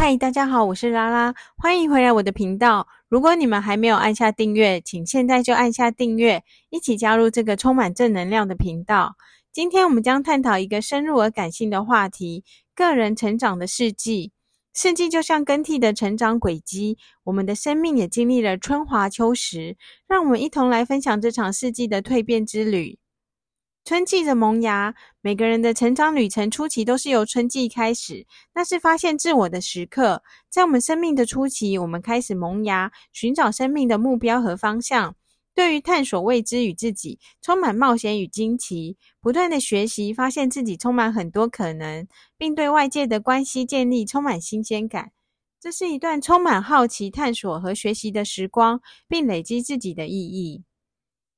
嗨，Hi, 大家好，我是拉拉，歡迎回來我的頻道。如果你們還沒有按下訂閱，請現在就按下訂閱，一起加入這個充滿正能量的頻道。今天我們將探討一個深入而感性的話題——個人成長的四季。四季就像更替的成長軌跡，我們的生命也經歷了春華秋實。讓我們一同來分享這場四季的蛻變之旅。春季的萌芽，每個人的成長旅程初期都是由春季開始。那是發現自我的時刻，在我們生命的初期，我們開始萌芽，尋找生命的目標和方向。對於探索未知與自己，充滿冒險與驚奇，不斷地學習，發現自己充滿很多可能，並對外界的關係建立充滿新鮮感。這是一段充滿好奇、探索和學習的時光，並累積自己的意義。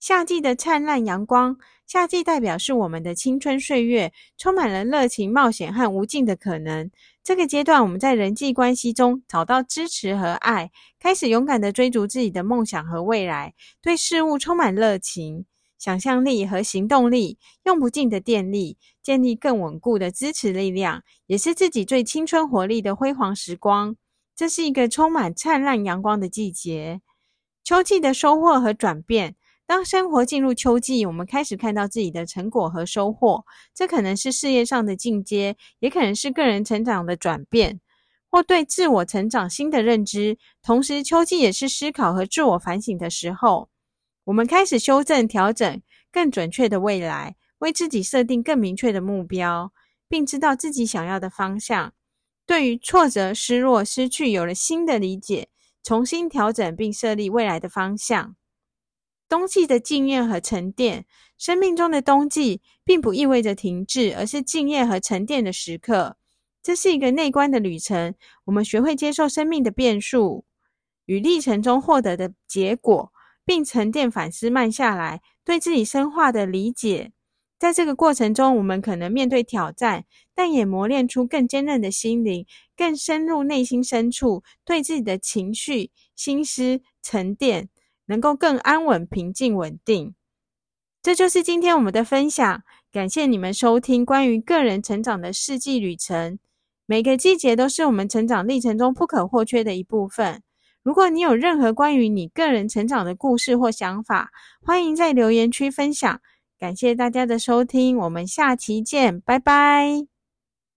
夏季的燦爛陽光，夏季代表是我們的青春歲月，充滿了熱情、冒險和無盡的可能。這個階段，我們在人際關係中找到支持和愛，開始勇敢地追逐自己的夢想和未來，對事物充滿熱情、想象力和行動力，用不盡的電力，建立更穩固的支持力量，也是自己最青春活力的輝煌時光。這是一個充滿燦爛陽光的季節。秋季的收穫和轉變。當生活進入秋季，我們開始看到自己的成果和收穫。這可能是事業上的進階，也可能是個人成長的轉變，或對自我成長新的認知。同時，秋季也是思考和自我反省的時候。我們開始修正、調整更準確的未來，為自己設定更明確的目標，並知道自己想要的方向。對於挫折、失落、失去，有了新的理解，重新調整並設立未來的方向。冬季的靜謐和沉澱，生命中的冬季並不意味着停滯，而是靜謐和沉澱的時刻。這是一個內觀的旅程，我們學會接受生命的變數與歷程中獲得的結果，並沉澱反思，慢下來，對自己深化的理解。在這個過程中，我們可能面對挑戰，但也磨練出更堅韌的心靈，更深入內心深處對自己的情緒、心思沉澱。能夠更安穩、平靜、穩定。這就是今天我們的分享，感謝你們收聽關於個人成長的四季旅程。每個季節都是我們成長歷程中不可或缺的一部分。如果你有任何關於你個人成長的故事或想法，歡迎在留言區分享。感謝大家的收聽，我們下期見，拜拜。